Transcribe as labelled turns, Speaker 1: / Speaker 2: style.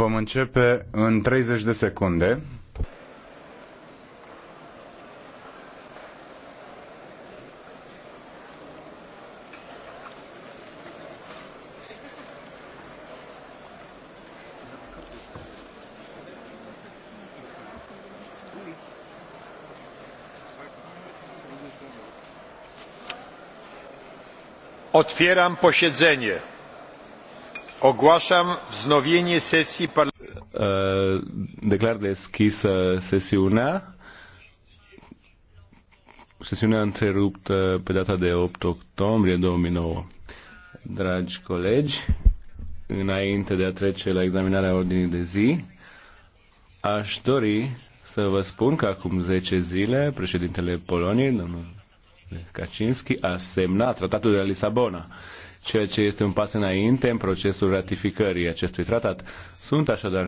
Speaker 1: Vom începe în 30 de secunde.
Speaker 2: Otwieram posiedzenie. Ogłaszam wznowienie sesji
Speaker 3: Declar deschisă sesiunea. Sesiunea întreruptă pe data de 8 octombrie 2009. Dragi colegi, înainte de a trece la examinarea ordinii de zi, aș dori să vă spun că acum 10 zile președintele Poloniei, domnul Kaczynski a semnat tratatul de la Lisabona, ceea ce este un pas înainte în procesul ratificării acestui tratat. Sunt
Speaker 4: așadar